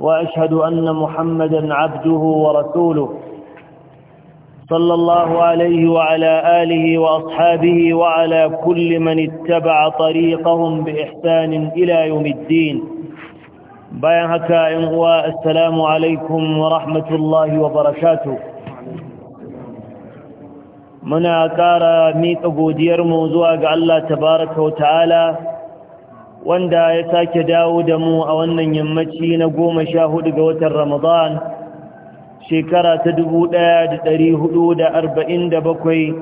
وأشهد أن محمدا عبده ورسوله صلى الله عليه وعلى آله وأصحابه وعلى كل من اتبع طريقهم بإحسان إلى يوم الدين بيان هكا إنغواء السلام عليكم ورحمة الله وبركاته منا كارا ميت أبو دير موزوع الله تبارك وتعالى wanda ya sake dawo da mu a wannan yammaci na goma sha hudu ga watan ramadan shekara ta dubu ɗaya da dari hudu da arba'in da bakwai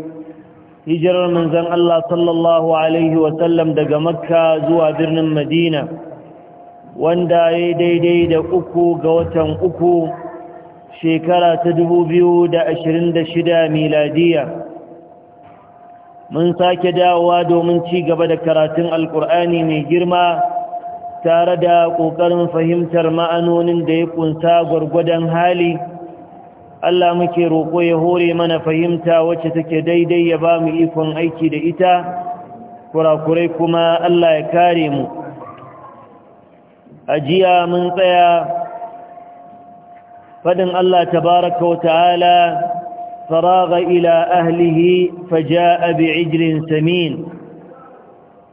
hijirar manzan Allah sallallahu Alaihi wasallam daga makka zuwa birnin madina wanda ya daidai da uku ga watan uku shekara ta dubu biyu da ashirin da shida miladiya mun sake dawowa domin ci gaba da karatun alkur'ani mai girma tare da ƙoƙarin fahimtar ma'anonin da ya kunsa gwargwadon hali Allah muke roƙo ya hore mana fahimta wacce take daidai ya ba mu ikon aiki da ita kurakurai kuma Allah ya kare mu ajiya mun tsaya faɗin Allah tabaraka wa ta'ala فراغ إلى أهله فجاء بعجل سمين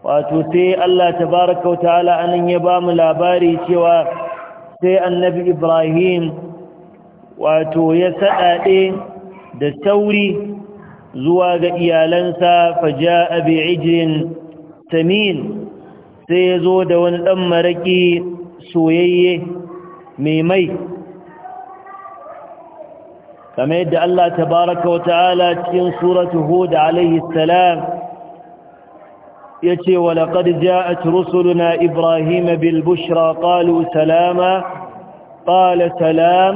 واتوتي الله تبارك وتعالى أن يبام لاباري سوى سي النبي إبراهيم واتو يسأل دستوري زواج إيالنسا فجاء بعجل سمين سيزود ونأمرك سويي ميمي kamar yadda Allah ta baraka wa ta'ala cikin surat Hud a.s. ya ce wa laƙar ja'at rusuluna Ibrahim bilbushra ƙalu salama ƙala salam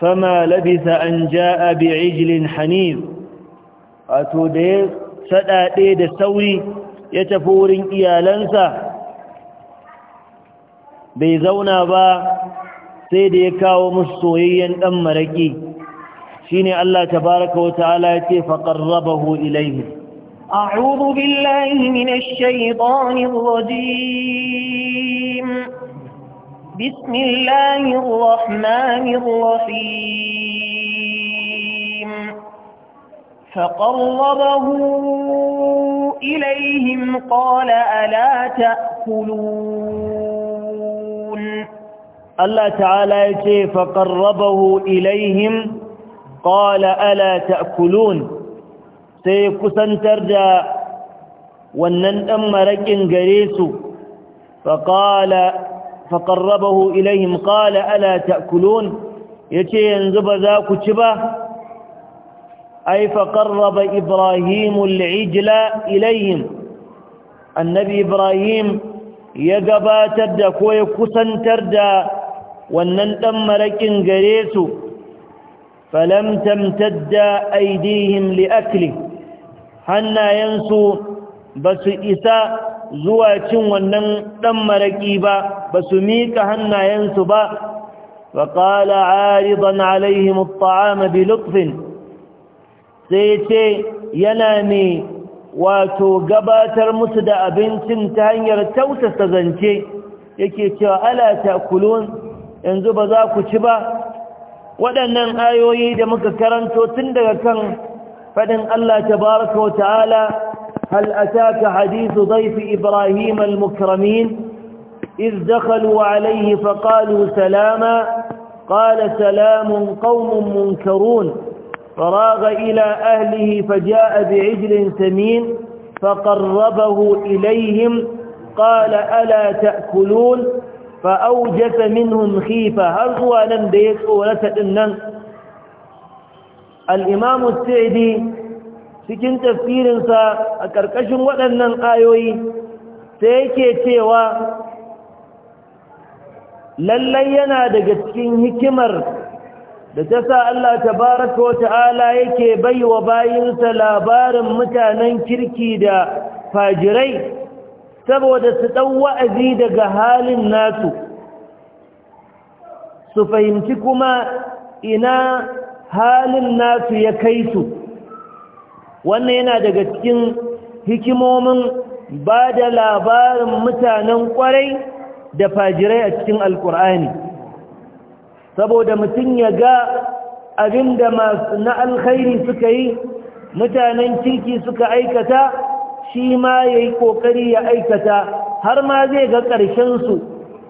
fama labisa an ja'a bi ijilin hanif wato da ya saɗaɗe da sauri ya tafi wurin iyalansa bai zauna ba sai da ya kawo musu soyayyen ɗan maraƙi شيني الله تبارك وتعالى فقربه إليه أعوذ بالله من الشيطان الرجيم بسم الله الرحمن الرحيم فقربه إليهم قال ألا تأكلون الله تعالى فقربه إليهم qala ala ta'kulun sai kusantar da wannan dan marakin gare su fa qala fa qarrabahu ilaihim qala ala ta'kulun yace yanzu ba za ku ci ba أي فقرب إبراهيم Annabi Ibrahim ya gabatar da koya kusantar da wannan وننتم maraƙin قريسو فلم تمتد أيديهم لأكله حنا ينسوا بس إساء زواج ونن دم ركيبا بس ميك حنا ينسوا با فقال عارضا عليهم الطعام بلطف سيتي ينامي wato gabatar musu da abincin ta hanyar tausasa zance yake cewa ala takulun yanzu ba za ku ci ba waɗannan ayoyi da muka karanto tun daga kan faɗin Allah tabaraka wa ta'ala hal ataka hadithu dhayf ibrahim al-mukramin iz إذ دخلوا عليه فقالوا سلاما قال سلام قوم منكرون فراغ إلى أهله فجاء بعجل سمين فقربه إليهم قال ألا تأكلون fa'aujasa minhum khifa har zuwa nan da ya tsorata din nan al saidi cikin tafsirinsa, a ƙarƙashin waɗannan ayoyi sai yake cewa lallai yana daga cikin hikimar da ta sa Allah tabaraka wa ta'ala yake wa bayinsa labarin mutanen kirki da fajirai saboda su ɗan wa'azi daga halin nasu su fahimci kuma ina halin nasu ya kai su wannan yana daga cikin hikimomin ba da labarin mutanen ƙwarai da fajirai a cikin alkur'ani saboda mutum ya ga abin da masu na alkhairi suka yi mutanen kirki suka aikata shi ma ya yi ƙoƙari ya aikata har ma zai ga ƙarshensu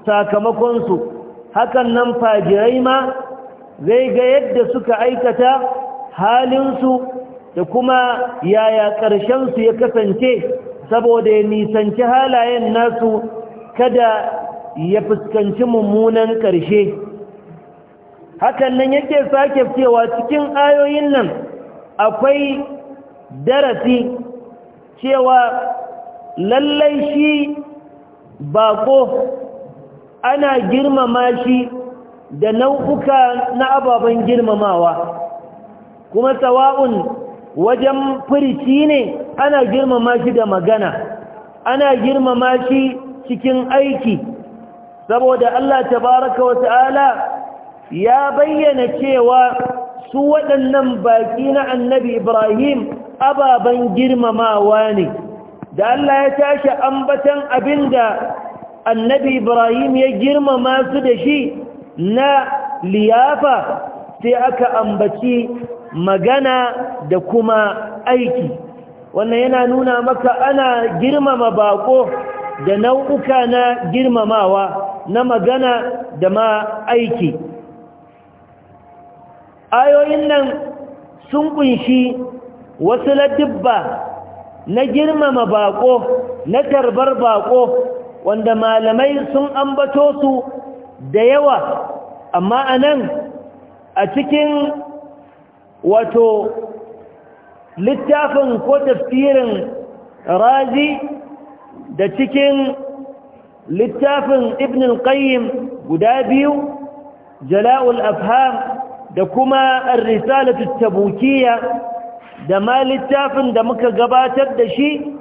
sakamakonsu hakan nan fajirai ma zai ga yadda suka aikata halinsu da kuma yaya ƙarshen su ya kasance saboda ya nisanci halayen nasu kada ya fuskanci mummunan ƙarshe hakan nan yake sake cewa cikin ayoyin nan akwai darasi cewa lallai shi bako ana girmama shi da nau'uka na ababen girmamawa kuma sawa'un wajen firici ne ana girmama shi da magana ana girmama shi cikin aiki saboda Allah tabaraka wa ta'ala ya bayyana cewa su waɗannan baƙi na annabi ibrahim ababen girmamawa ne da Allah ya tashi ambatan da annabi ibrahim ya girmama su da shi na liyafa sai aka ambaci magana da kuma aiki wannan yana nuna maka ana girmama baƙo da nau'uka na girmamawa na magana da ma aiki ayoyin nan sun kunshi wasu ladibba na girmama bako na tarbar bako wanda malamai sun ambato su da yawa amma anan a cikin wato littafin ko tafsirin razi da cikin littafin ibn al-qayyim guda biyu jala'ul afham da kuma risalatu tabukiyya da ma littafin da muka gabatar da shi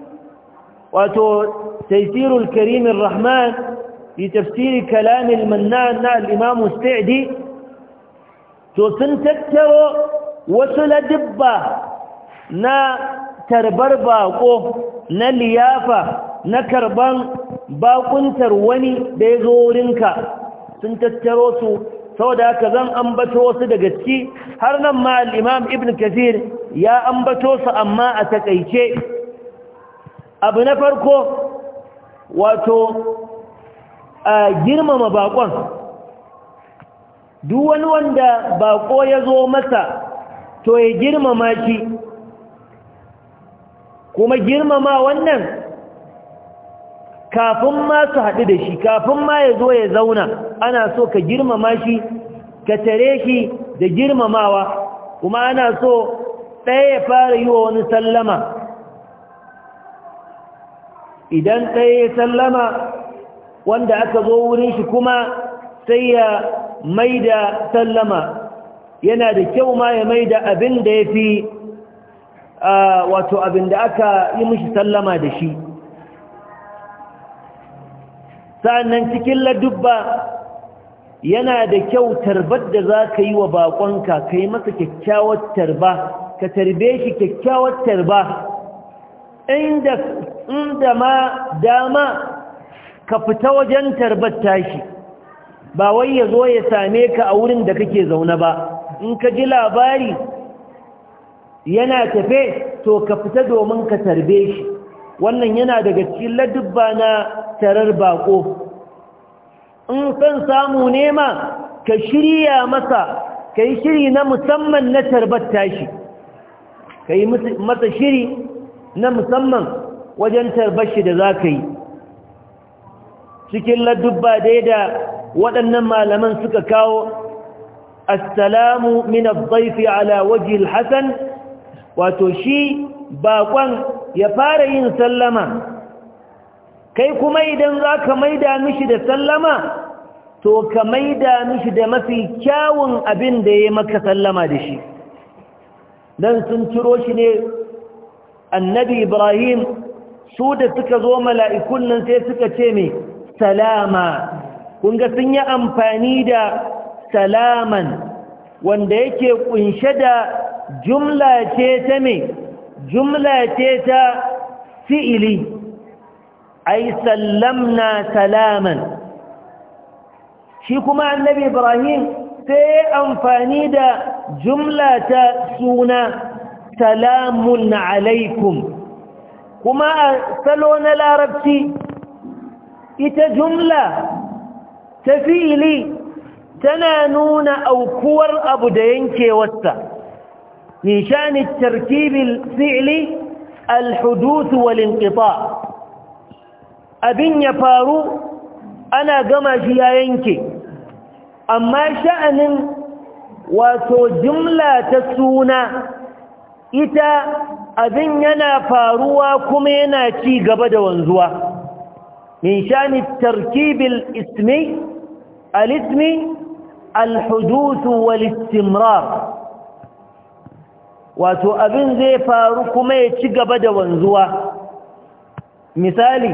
wato taysirul karim rahman fi tafsiri kalamin al-mannan na al-imam to sun tattaro wasu ladibba na tarbar bako na liyafa na karban bakuntar wani da ya zo wurinka sun tattaro su saboda haka zan ambato wasu daga ciki har nan ma al-imam ibn kathir ya ambato su amma a takaice abu na farko wato a girmama bakon duk wani wanda bako ya zo masa to ya girmama shi kuma girmama wannan kafin ma su haɗu da shi kafin ma ya zo ya zauna ana so ka girmama shi ka tare shi da girmamawa kuma ana so ɗaya ya fara yi wa wani sallama idan ɗaya ya sallama wanda aka zo wurin shi kuma sai ya mai da sallama yana da kyau ma ya mai da abin da ya fi wato abin da aka yi mishi sallama da shi sa'annan cikin ladubba yana da kyau tarbar da za ka yi wa baƙonka ka yi masa kyakkyawar tarba ka tarbe shi kyakkyawar tarba inda ma dama ka fita wajen tarbar tashi ba wai ya zo ya same ka a wurin da kake zaune ba in ka ji labari yana tafe to ka fita domin ka tarbe shi wannan yana daga cikin ladubba na tarar bako in san samu nema ka shirya masa ka yi shiri na musamman na tarbar tashi ka yi masa shiri na musamman wajen tarbar shi da za ka yi cikin ladubba dai da waɗannan malaman suka kawo assalamu min al ala waji hasan wato shi bakon ya fara yin sallama kai kuma idan za ka maida mishi da sallama to ka maida mishi da mafi kyawun abin da ya maka sallama da shi Nan sun ciro shi ne annabi ibrahim su da suka zo mala'ikun nan sai suka ce mai salama kunga sun yi amfani da salaman wanda yake kunshe da jumla ce ta mai jumla ce ta fi'ili أي سلمنا سلاما مع النبي إبراهيم سيأنفاني دا جملة سونا سلام عليكم كما سلون العربتي إتا جملة تفيلي تنانون أو كور أبو دينكي وسا من شأن التركيب الفعلي الحدوث والانقطاع abin ya faru ana gama shi ya yanke amma sha'anin wato jimla ta suna ita abin yana faruwa kuma yana ci gaba da wanzuwa min shani tarkibil ismi al-ismi al-huduth wal-istimrar wato abin zai faru kuma ya ci gaba da wanzuwa misali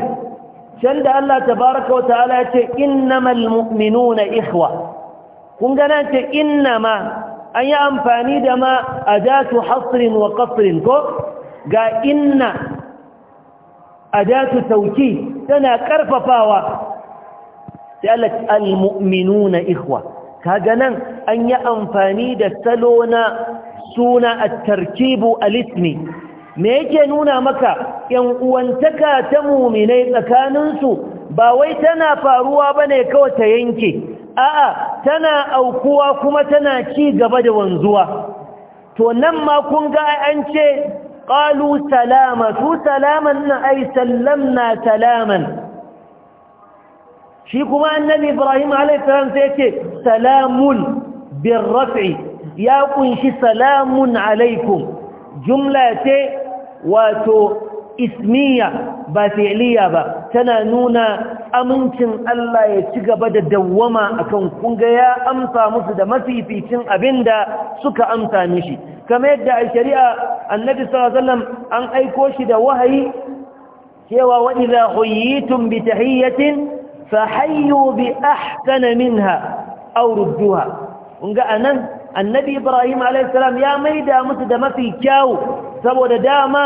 can da Allah tabaraka wa ta'ala ya ce innamal mu'minuna ikhwa kun gana ce innama an yi amfani da ma adatu hasrin wa qasrin ko ga inna adatu tauki tana karfafawa sai Allah almu'minuna ikhwa kaga nan an yi amfani da salo na suna at-tarkibu al-ismi me yake nuna maka yan uwantaka ta muminai tsakaninsu ba wai tana faruwa bane kawai ta yanke a'a tana aukuwa kuma tana ci gaba da wanzuwa to nan ma kun ga an ce qalu salama su salaman na ai sallamna salaman shi kuma annabi ibrahim alayhi salam sai yake salamun birraf'i ya kunshi salamun alaikum jumla ce wato ismiya ba fi'liya ba tana nuna amincin Allah ya ci gaba da dawwama akan kunga ya amsa musu da mafificin abinda suka amsa mishi kamar yadda a shari'a annabi sallallahu alaihi an aiko shi da wahayi cewa wa idza huyitum bi tahiyatin fahayyu bi ahsana minha aw rudduha kunga anan annabi ibrahim alaihi salam ya maida musu da mafi kyau saboda dama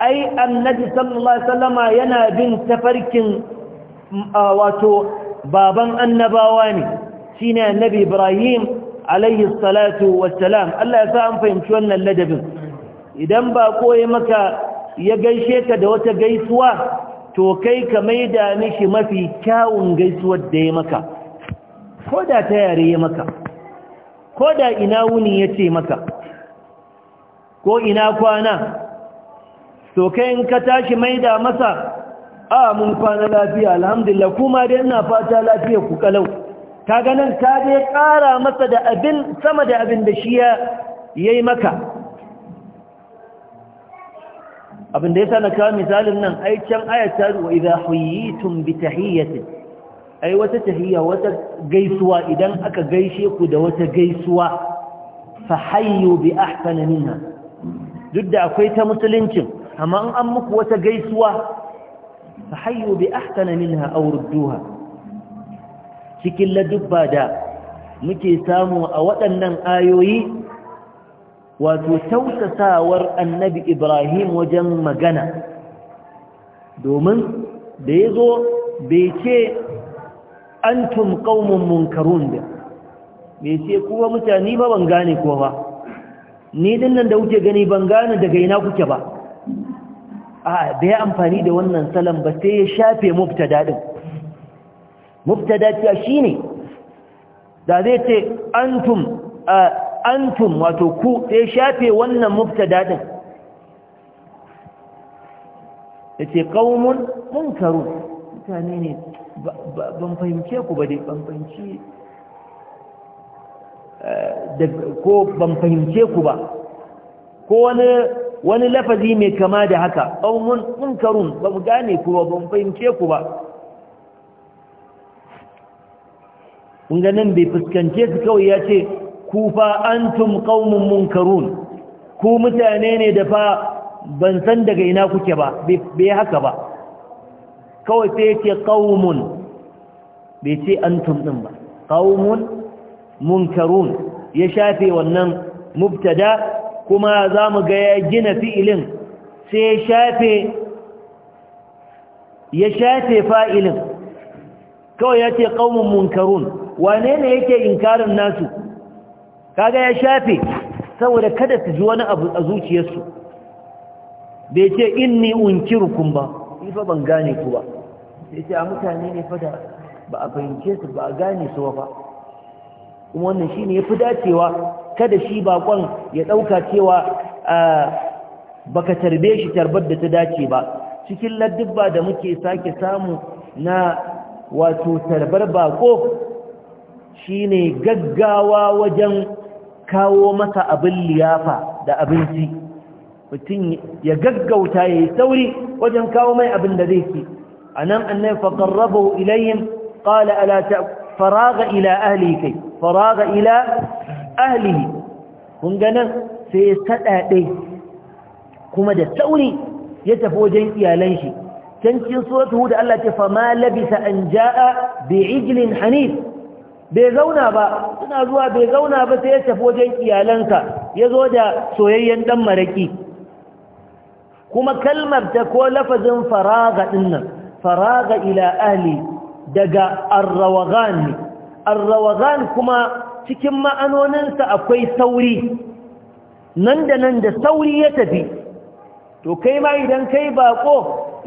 ai annabi sallallahu alaihi yana bin tafarkin wato baban annabawa ne shine annabi Ibrahim alaihi salatu wassalam Allah ya sa an fahimci wannan ladabin idan ba koye maka ya gaishe ka da wata gaisuwa to kai ka maida mishi mafi kyawun gaisuwar da ya maka ko da ta yare ya maka ko da ina wuni ya ce maka ko ina kwana to kai in ka tashi maida masa a mun kwana lafiya alhamdulillah kuma dai ina fata lafiya ku kalau kaga nan ka dai kara masa da abin sama da abin da shi ya yayi maka abin da yasa na kawo misalin nan ai can ayat wa idha huyitum bi tahiyatin ai wata tahiyya wata gaisuwa idan aka gaishe ku da wata gaisuwa fa hayyu bi ahsana minha duk da akwai ta musuluncin amma in an muku wata gaisuwa fa hayyu bi ahsana minha aw rudduha cikin ladubba da muke samu a waɗannan ayoyi wato tausasawar annabi Ibrahim wajen magana domin da ya zo bai ce antum qaumun munkarun da bai ce kuwa mutane ba ban gane kowa. ba ni dinnan da kuke gani ban gane daga ina kuke ba a bai amfani da wannan salam ba sai ya shafe mubtada din mubtada ta shine da zai ce antum antum wato ku sai shafe wannan mubtada din yace qaumun munkarun mutane ne ban fahimce ku ba dai ban fahimci ko ban fahimce ku ba ko wani wani lafazi mai kama da haka mun munkarun ba mu gane ku ba ban fahimce ku ba ga nan bai fuskance su kawai ya ce ku fa an tum munkarun ku mutane ne da fa ban san daga ina kuke ba bai haka ba kawai sai ce qaumun bai ce antum din ba qaumun munkarun ya shafe wannan mubtada kuma za mu ga ya gina fi'ilin sai ya shafe fa'ilin kawai ya ce ƙaunin munkarun wane ne yake inkarin nasu kaga ya shafe saboda kada su ji wani abu a zuciyarsu bai ce in ni inni rukun ba ifa ban gane ku ba sai ce a mutane ne fada ba a fahimce su ba a gane su ba kuma wannan shine yafi dacewa kada shi bakon ya dauka cewa baka tarbe shi tarbar da ta dace ba cikin ladubba da muke sake samu na wato tarbar bako shine gaggawa wajen kawo masa abin liyafa da abinci mutum ya gaggauta ya yi sauri wajen kawo mai abin da zai ke. a nan annai faƙarrabahu ilayhim ƙala ala ta faraga ila ahli kai faraga ila ahlihi kun ganin sai sadade kuma da sauri ya tafi wajen iyalan shi can cikin suratul da Allah ce fa ma labisa an jaa bi'ijlin hanif bai zauna ba suna zuwa bai zauna ba sai ya tafi wajen iyalansa ya zo da soyayyen dan maraki kuma kalmar ta ko lafazin faraga dinnan faraga ila ahli daga arrawagan arrawazan kuma cikin ma'anoninsa akwai sauri nan da nan da sauri ya tafi to kai ma idan kai bako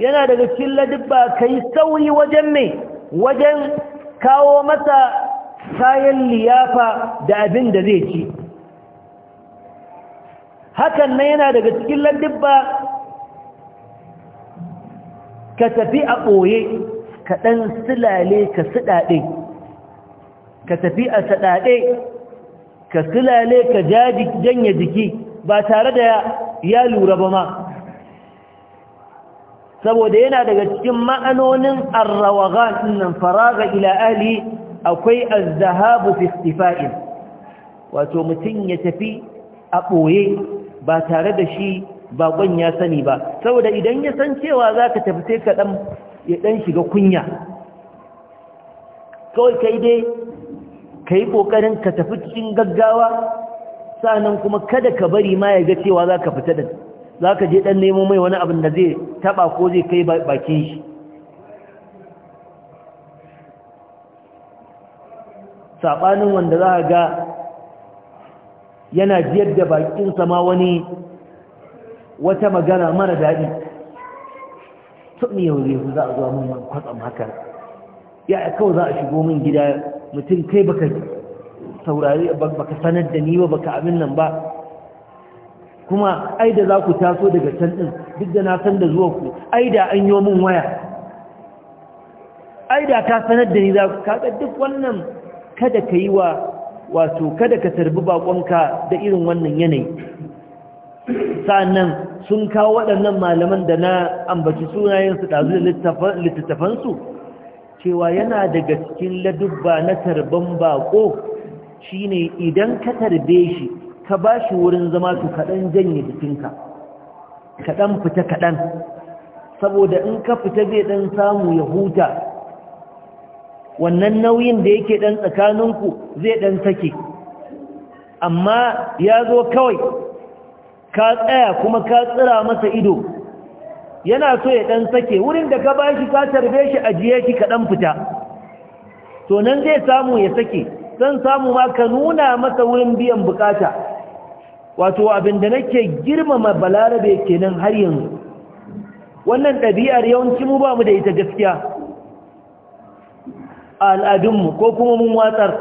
yana daga cikin ladibba kai sauri wajen mai wajen kawo masa kayan liyafa da abin da zai ci hakan nan yana daga cikin ladibba ka tafi a ɓoye ka ɗan silale ka siɗaɗe ka tafi a saɗaɗe ka silale ka janye jiki ba tare da ya lura ba ma saboda yana daga cikin ma'anonin arrawagan nan faraga ila ahli akwai azzahabu fi istifa'in wato mutum ya tafi a ɓoye ba tare da shi bakon ya sani ba saboda idan ya san cewa za ka tafi sai ka ya ɗan shiga kunya kawai kai dai ka yi ƙoƙarin ka tafi cikin gaggawa nan kuma kada ka bari ma ya ga cewa za ka fita da za ka je ɗan nemo mai wani abin da zai taɓa ko zai kai bakin shi saɓanin wanda za a ga yana jiyar da bakinsa sama wani wata magana mara daɗi tun yau zai za a zuwa mun kwatsam haka ya kawai za a shigo min gida mutum kai baka saurari baka sanar da ni ba baka abin nan ba kuma ai da za ku taso daga can din duk da na san da zuwa ku ai da an yi min waya ai da ka sanar da ni za ku ga duk wannan kada ka yi wa wato kada ka tarbi bakonka da irin wannan yanayi sa'annan sun kawo waɗannan malaman da na ambaci sunayensu ɗazu da littattafansu cewa yana daga cikin ladubba na tarban bako shine idan ka tarbe shi ka ba shi wurin zama su kaɗan janye jikinka kaɗan fita kaɗan saboda in ka fita zai ɗan samu ya huta wannan nauyin da yake ɗan tsakaninku zai ɗan sake amma ya zo kawai ka tsaya kuma ka tsira masa ido yana so ya ɗan sake wurin da ka bashi ka tarbe shi ajiye shi ka ɗan fita to nan zai samu ya sake zan samu ma ka nuna masa wurin biyan bukata wato abin da nake girmama balarabe kenan har yanzu wannan ɗabi'ar yawanci mu ba mu da ita gaskiya a al'adunmu ko kuma mun watsar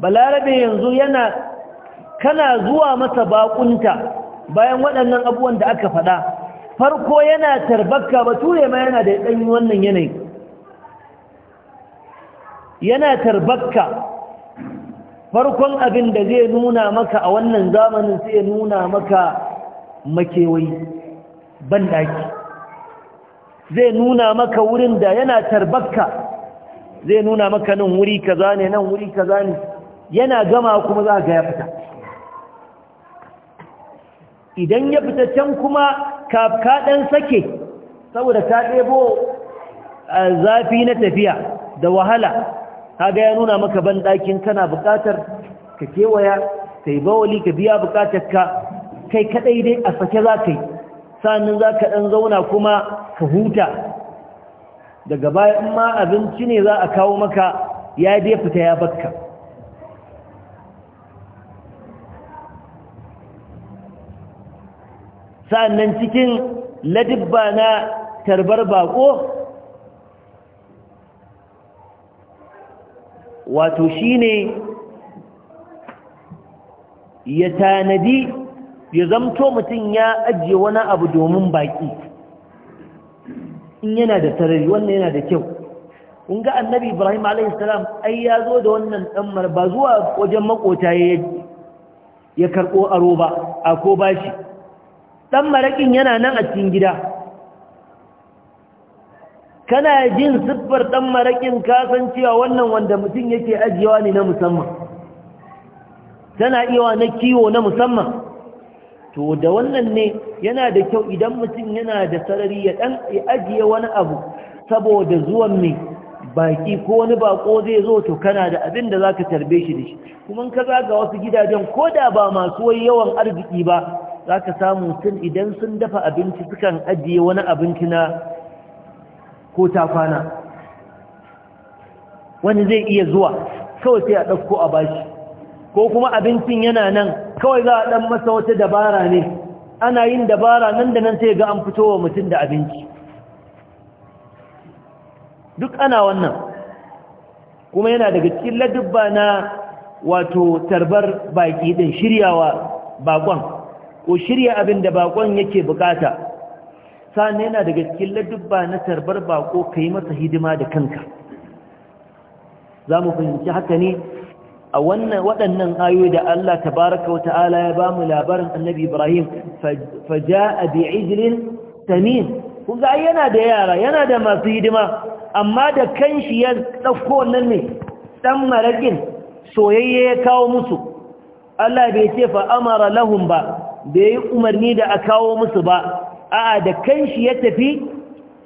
balarabe yanzu yana kana zuwa masa bakunta bayan waɗannan abubuwan da aka faɗa farko yana ba ture ma yana da ɗan wannan yanayi yana tarbakka farkon abin da zai nuna maka a wannan zamanin sai nuna maka makewayi bandaki zai nuna maka wurin da yana tarbakka zai nuna maka nan wuri kaza ne nan wuri kaza ne yana gama kuma za ga ya fita idan ya fita can kuma kafka ɗan sake saboda ta ɗebo zafi na tafiya da wahala kaga ya nuna maka banɗakin kana buƙatar ka kewaya ka yi bawali ka biya buƙatar ka kai kaɗai dai a sake za ka yi sa'annan za ka ɗan zauna kuma ka huta daga baya in ma abinci ne za a kawo maka ya dai fita ya bakka sa'annan cikin ladibba na tarbar bako wato shi ne ya tanadi ya zamto mutum ya ajiye wani abu domin baki in yana da sarari wannan yana da kyau in ga annabi ibrahim alaihissalam ai ya zo da wannan tsammar ba zuwa wajen makota ya karɓo aro ba a ko bashi ɗan maraƙin yana nan a cikin gida kana jin siffar ɗan maraƙin kasancewa wannan wanda mutum yake ajiyewa ne na musamman tana iya na kiwo na musamman to da wannan ne yana da kyau idan mutum yana da sarari ya ɗan ajiye wani abu saboda zuwan mai baki ko wani bako zai zo to kana da abin da za ka tarbe shi da shi kuma ka ga wasu gidajen ko da ba masu wai yawan arziki ba za ka samu sun idan sun dafa abinci sukan ajiye wani abinci na ko kwana. wani zai iya zuwa kawai sai a ɗauko a bashi ko kuma abincin yana nan kawai za a ɗan masa wata dabara ne ana yin dabara nan da nan sai ga an fito wa mutum da abinci duk ana wannan kuma yana daga cikin ladubba na wato tarbar baƙi ɗin shiryawa baƙon ko shirya abin da bakon yake bukata sannan yana daga cikin ladubba na tarbar bako ka yi masa hidima da kanka za mu fahimci haka ne a wannan waɗannan ayoyi da Allah tabaraka wa ta'ala ya ba mu labarin annabi Ibrahim ja'a bi ijlin tamim kun yana da yara yana da masu hidima amma da kanshi ya ɗauko wannan ne ɗan marakin soyayye ya kawo musu Allah bai ce fa amara lahum ba da ya yi umarni da a kawo musu ba a da shi ya tafi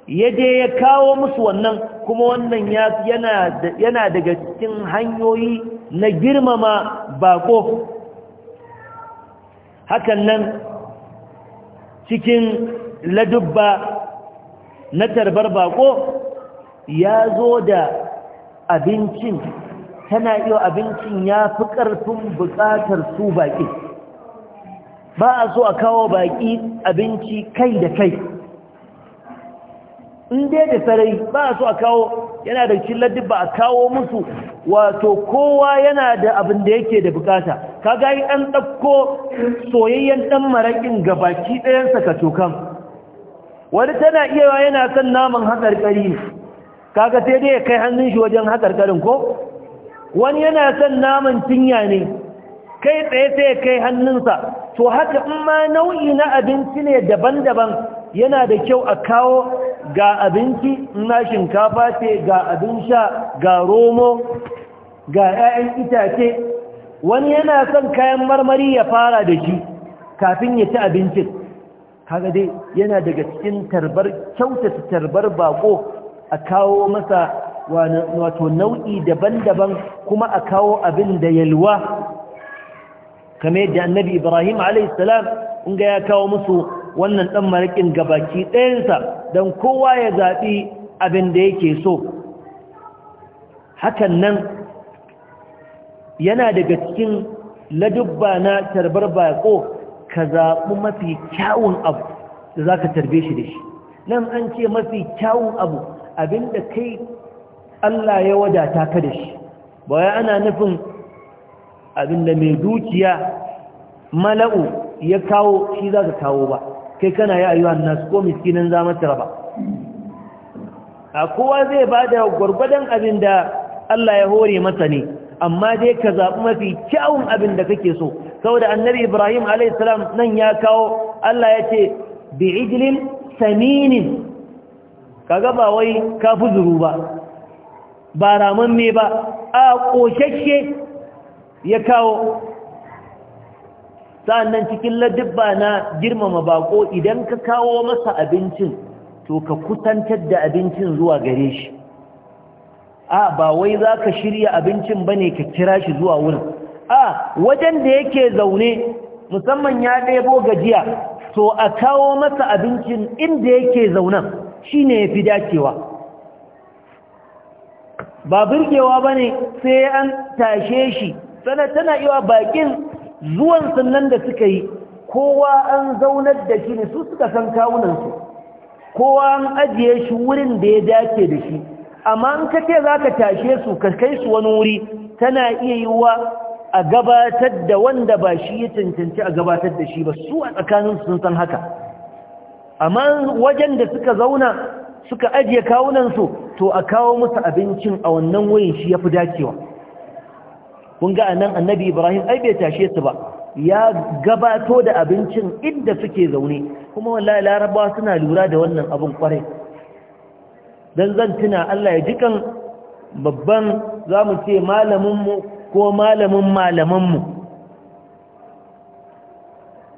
ya je ya kawo musu wannan kuma wannan yana daga cikin hanyoyi na girmama bako hakan nan cikin ladubba na tarbar bako ya zo da abincin tana iya abincin ya fi ƙarfin buƙatar su baƙi ba a so a kawo baƙi abinci kai da kai in dai da sarai ba a so a kawo yana da cillar ba a kawo musu wato kowa yana da abin da yake da bukata kaga yi an ɗauko soyayyen ɗan maraƙin ga baki ɗayansa ka cokan wani tana iya yana kan naman haƙarƙari kaga sai dai ya kai hannun shi wajen haƙarƙarin ko wani yana son naman tinya ne kai tsaye sai ya kai hannunsa to haka in ma nau'i na abinci ne daban-daban yana da kyau a kawo ga abinci na shinkafa ce ga abin sha ga romo ga 'ya'yan itace wani yana son kayan marmari ya fara da shi kafin ya ci abincin kaga dai yana daga cikin tarbar kyautata tarbar bako a kawo masa wato nau'i daban-daban kuma a kawo abin da yalwa kame da annabi ibrahim alaihissalam inga ya kawo musu wannan ɗan maraƙin gabaki ɗayansa don kowa ya zaɓi abin da yake so hakan nan yana daga cikin ladubba na tarbar baƙo ka zaɓi mafi kyawun abu da za ka tarbe shi da shi nan an ce mafi kyawun abu abinda kai Allah ya wadata ka da shi Bayan ana nufin abinda mai dukiya mala'u ya kawo shi za ka kawo ba kai kana ya ayyuhan su ko miskinin za raba a kowa zai ba da gwargwadon abin da Allah ya hore mata ne amma dai ka zaɓi mafi kyawun abin da kake so saboda annabi ibrahim a.s nan ya kawo Allah ya ce bi ijilin saminin ka ba wai ka fi zuru ba ba raman me ba a ƙoshashe ya kawo sa'annan cikin ladibba na girmama bako idan ka kawo masa abincin to ka kusantar da abincin zuwa gare shi a ba wai za ka shirya abincin ba ne ka kira shi zuwa wurin a wajen da yake zaune musamman ya ɗebo gajiya to a kawo masa abincin inda yake zaunan shi ne ya fi dacewa ba birgewa ba ne sai an tashe shi sana tana iya bakin zuwan sannan da suka yi kowa an zaunar da shi ne su suka san kawunan su kowa an ajiye shi wurin da ya dace da shi amma an kace zaka za ka tashe su ka kai su wani wuri tana iya yi wa a gabatar da wanda ba shi ya cancanci a gabatar da shi ba su a su sun san haka amma wajen da suka zauna suka ajiye kawunan su to a kawo musu abincin a wannan wurin shi ya fi dacewa kun ga anan annabi ibrahim ai bai tashe su ba ya gabato da abincin inda suke zaune kuma wallahi larabawa suna lura da wannan abin kwarai dan zan tuna Allah ya jikan babban zamu ce malamin mu ko malamin malaman mu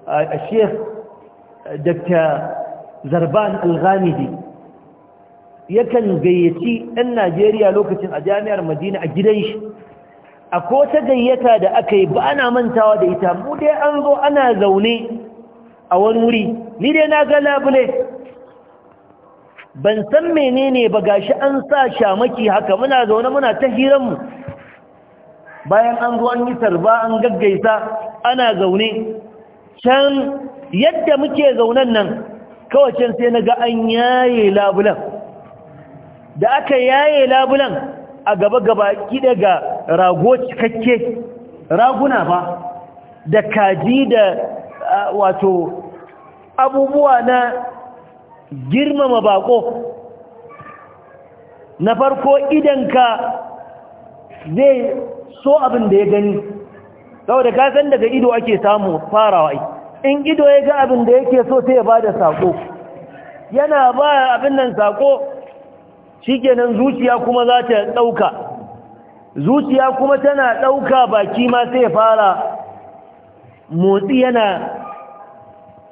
a sheikh dr zarban al-ghamidi yakan gayyaci ɗan najeriya lokacin a jami'ar madina a gidan shi a ko ta gayyata da aka yi ba ana mantawa da ita mu dai an zo ana zaune a wani wuri ni dai na ga labule ban san menene ba gashi an sa shamaki haka muna zaune muna ta hiranmu bayan an zo an yi tarba an gaggaisa ana zaune can yadda muke zaunen nan kawacin sai na ga an yaye labulan da aka yaye labulan a gaba gaba kida ga rago cikakke raguna ba da kaji da wato abubuwa na girmama bako na farko idan ka zai so abin da ya gani saboda ka san daga ido ake samu farawa in ido ya ga abin da yake so sai ya bada sako yana ba abin nan sako shikenan zuciya kuma za ta ɗauka zuciya kuma tana ɗauka baki ma sai fara motsi yana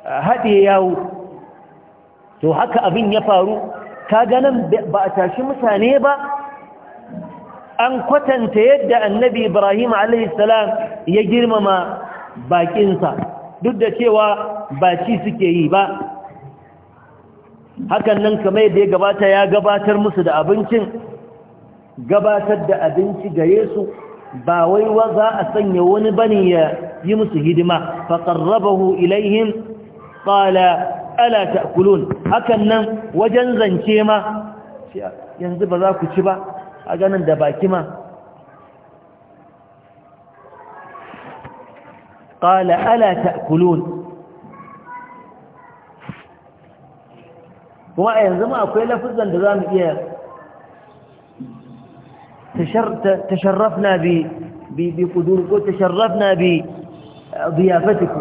haɗe yawo to haka abin ya faru kaga nan ba a tashi mutane ba an kwatanta yadda annabi ibrahim salam ya girmama bakinsa duk da cewa baki suke yi ba hakan nan kamar da ya gabata ya gabatar musu da abincin gabatar da abinci ga yesu ba wai wa za a sanya wani bane ya yi musu hidima fa qarrabahu ilaihim qala ala ta'kulun hakan nan wajen zance ma yanzu ba za ku ci ba a ganin da baki ma qala ala ta'kulun kuma a yanzu ma akwai lafizan da za mu iya tasharrafna bi kudur ko tasharrafna bi ziyafatiku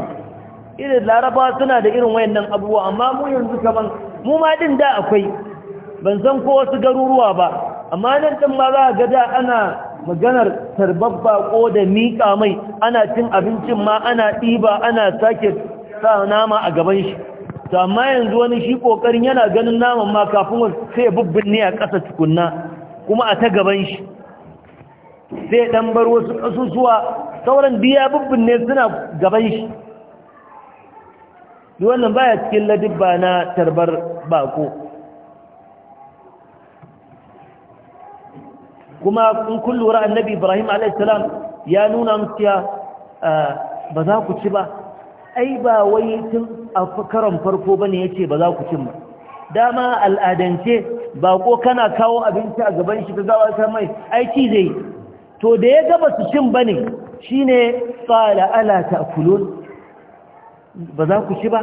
eh, irin larabawa suna da irin wayannan abubuwa amma mu yanzu kaman mu ma din da akwai ban san ko wasu garuruwa ba amma nan din ma za ga da ana maganar tarbar bako da miƙa mai ana cin abincin ma ana ɗiba ana sake sa nama a gaban shi to amma yanzu wani shi kokarin yana ganin naman ma kafin sai ne a ƙasa tukunna kuma a ta gaban shi sai dan bar wasu ƙasusuwa sauran biya ne suna gaban shi duk wannan baya cikin ladibba na tarbar bako kuma in kun lura annabi ibrahim alaihissalam ya nuna musu ya ah, ba za ku ci ba ai ba wai tun a karon farko bane yace ba za ku cin ba dama al'adance ba ko kana kawo abinci a gaban shi ka gawa sai mai Ai ci zai to da ya gaba su cin bane shine qala ala ta'kulun ba za ku ci ba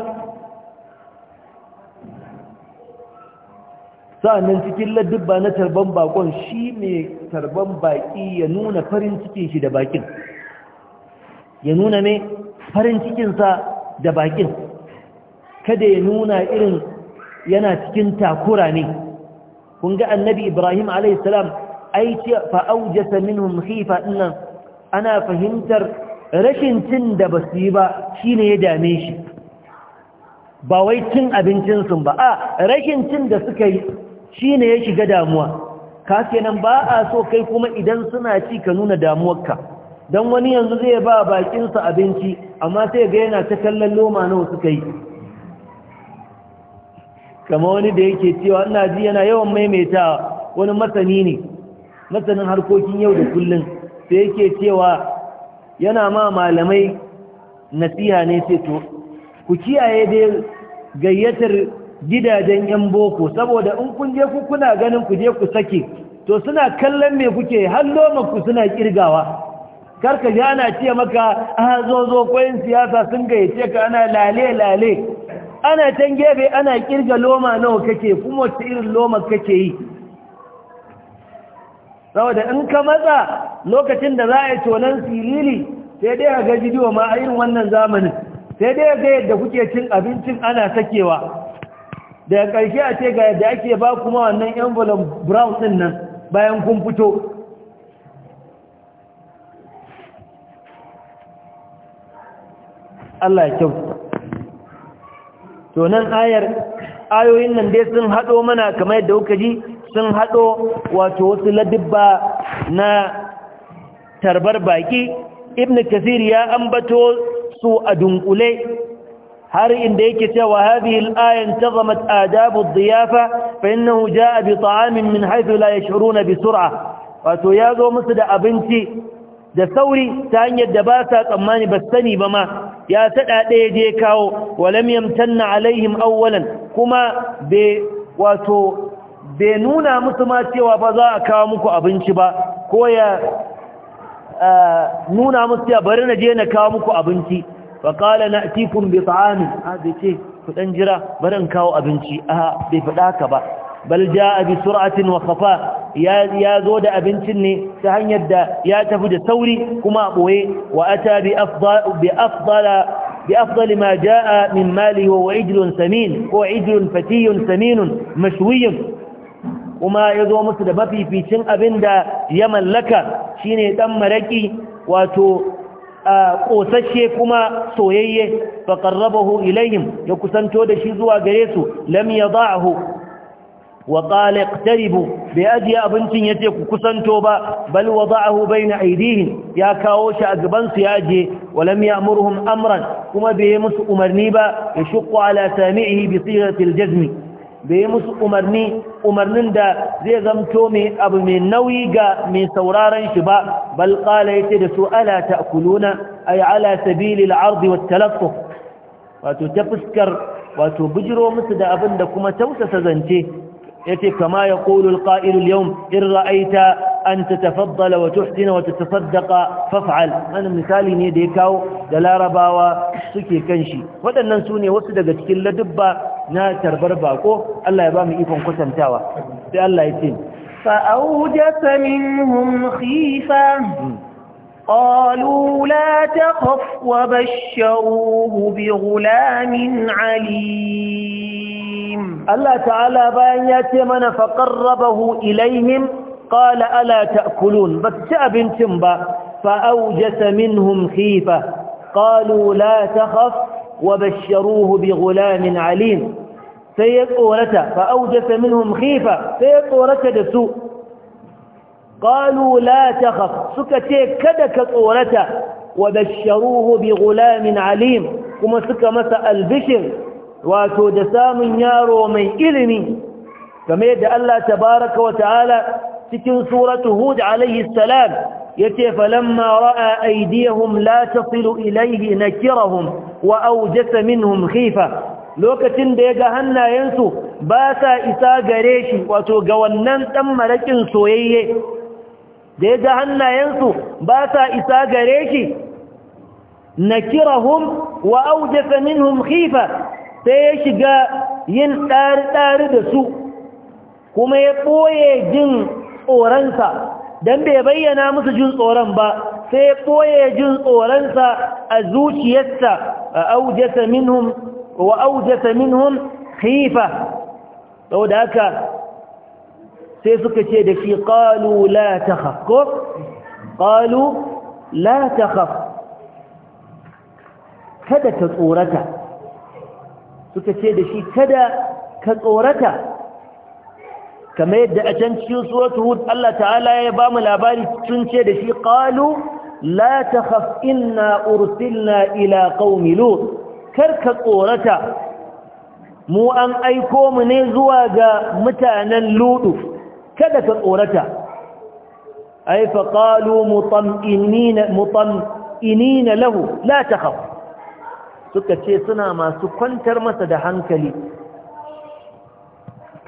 sannan cikin ladubba na tarban bakon shi mai tarban baki ya nuna farin cikin shi da bakin ya nuna mai farin cikinsa da bakin kada ya nuna irin yana cikin takura ne kun ga annabi ibrahim alaihissalam ai ce fa'aujasa minhum khifa dinnan ana fahimtar rashin cin da ba su yi ba shine ya dame shi ba wai cin abincinsu ba a rashin cin da suka yi shine ya shiga damuwa ka kenan ba a so kai kuma idan suna ci ka nuna damuwarka don wani yanzu zai ba bakinsa abinci amma sai ga yana ta kallon loma nawa suka yi kama wani da yake cewa ina ji yana yawan maimaita wani masani ne masanin harkokin yau da kullun sai yake cewa yana ma malamai nasiha ne sai to ku kiyaye dai gayyatar gidajen yan boko saboda in kun je ku kuna ganin ku je ku sake to suna kallon me kuke hallo ku suna kirgawa ka ji ana ce maka a ah, zo zo koyin siyasa sun gayyace ka ana lale lale ana can gefe ana kirga loma nawa kake kuma wata irin loma kake yi saboda in ka matsa lokacin da za a yi tonon sirili sai dai a gaji diwa ma a irin wannan zamanin sai dai ga yadda kuke cin abincin ana sakewa daga ƙarshe a ce ga yadda ake ba kuma wannan envelope brown din nan bayan kun fito Allah ya kyautu to nan ayar ayoyin nan dai sun haɗo mana kamar yadda kuka ji sun haɗo wato wasu ladibba na tarbar baki ibn kasir ya ambato su a dunkule har inda yake cewa hadhihi al-aya intazamat adabu ad-diyafa fa innahu jaa bi ta'amin min haythu la yash'uruna bi sur'a wato yazo musu da abinci da sauri ta hanyar da ba sa tsammani ba sani ba ma ya taɗa ɗaya je kawo walam yamtanna alaihim awwalan kuma be wato be nuna musu ma cewa ba za a kawo muku abinci ba ko ya nuna musu ya bari na je na kawo muku abinci fa qala na'tikum bi ta'amin a ce ku dan jira bari kawo abinci a bai faɗa ka ba bal a bi sur'atin wa khafa ya ya zo da abincin ne ta hanyar da ya tafi da sauri kuma a boye wa ata bi afdal bi afdal ma jaa min mali wa ijlun samin ko ijlun fatiyun saminun mashwiyun kuma ya zo musu da mafificin abin da ya mallaka shine dan maraki wato ƙosashe kuma soyayye faƙarrabahu ilayhim ya kusanto da shi zuwa gare su lam ya za'ahu wa qala bai ajiye abincin yace ku kusanto ba bal wada'ahu bayna aydihim ya kawo shi a gaban su ya ajiye walam ya'muruhum amran kuma bai yi musu umarni ba ya shuqqu ala sami'ihi bi sighati al-jazm bai musu umarni umarnin da zai zamto mai abu mai nauyi ga mai sauraron shi ba bal qala yace da su ala ta'kuluna ay ala sabili al-ard wa wato ta fuskar wato bijiro musu da abin da kuma tausasa zance yace kama ya yaqulu alqa'il yau in ra'aita an tatafaddala wa tuhsina wa tatasaddaqa faf'al wannan misali ne da ya kawo da larabawa suke kan shi waɗannan su ne wasu daga cikin ladubba na tarbar bako Allah ya ba mu ikon kwatantawa sai Allah ya ce fa minhum khifa hmm. قالوا لا تخف وبشروه بغلام عليم الله تعالى بان ياتي من فقربه اليهم قال الا تاكلون بس ابنتم با فاوجس منهم خيفه قالوا لا تخف وبشروه بغلام عليم سيقورته فاوجس منهم خيفه سيقورته دسوء qalu la takhaf suka ce kada ka tsorata wa basharuhu bi ghulamin alim kuma suka masa albishir wato da samun yaro mai ilimi game da Allah tabaraka wa ta'ala cikin suratu hud alayhi salam yace falamma ra'a aydihim la na kira hum! wa awjasa minhum khifa lokacin da ya ga hannayensu ba sa isa gare shi wato ga wannan dan marakin soyayye da ya ga hannayensu ba sa isa gare shi nakirahum wa aujasa minhum khifa sai ya shiga yin ɗari-ɗari da su kuma ya ɓoye jin tsoronsa don bai bayyana musu jin tsoron ba sai ya ɓoye jin tsoronsa a zuciyarsa a aujasa minhum wa aujasa minhum khifa sau da sai suka ce da shi ƙalu la takhaf ko ƙalu la ta takhaf kada ka tsorata suka ce da shi kada ka tsorata kamar yadda a can cikin suratul hud Allah ta'ala ya ba mu labari tun ce da shi ƙalu la ta takhaf inna ursilna ila qaumi lut kar ka tsorata mu an aiko mu ne zuwa ga mutanen ludu kada ka tsorata ai fa qalu mutam'innina mutam'inina lahu la takhaf suka ce suna masu kwantar masa da hankali